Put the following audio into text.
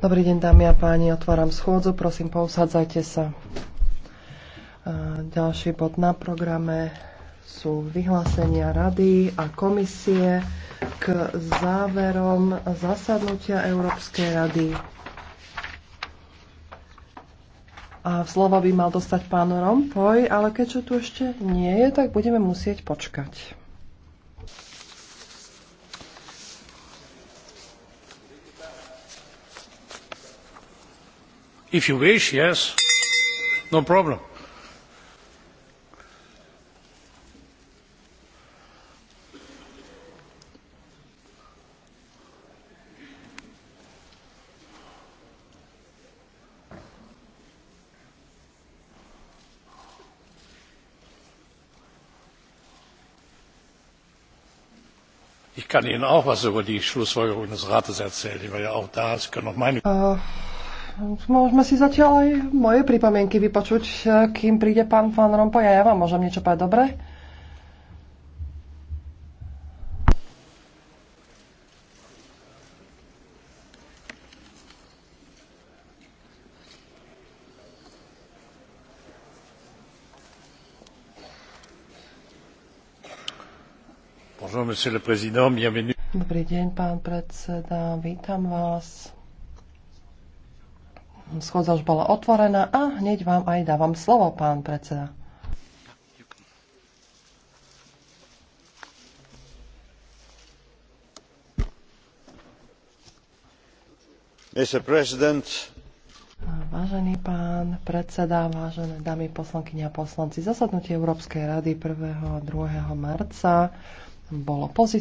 Dobrý deň, dámy a páni, otváram schôdzu, prosím, pousadzajte sa. Ďalší bod na programe sú vyhlásenia rady a komisie k záverom zasadnutia Európskej rady. A slovo by mal dostať pán Rompoj, ale keďže tu ešte nie je, tak budeme musieť počkať. If you wish, yes. No problem. Ich kann Ihnen auch was über die schlussfolgerungen des Rates erzählen. Ich war ja auch da. Sie können auch meine. Uh. Môžeme si zatiaľ aj moje pripomienky vypočuť, kým príde pán Van Rompuy a ja vám môžem niečo povedať, dobre? Bonjour, monsieur le président, bienvenue. Dobrý deň, pán predseda, vítam vás. Schôdza už bola otvorená a hneď vám aj dávam slovo, pán predseda. Mr. President. Vážený pán predseda, vážené dámy poslankyne a poslanci, zasadnutie Európskej rady 1. a 2. marca bolo pozitívne.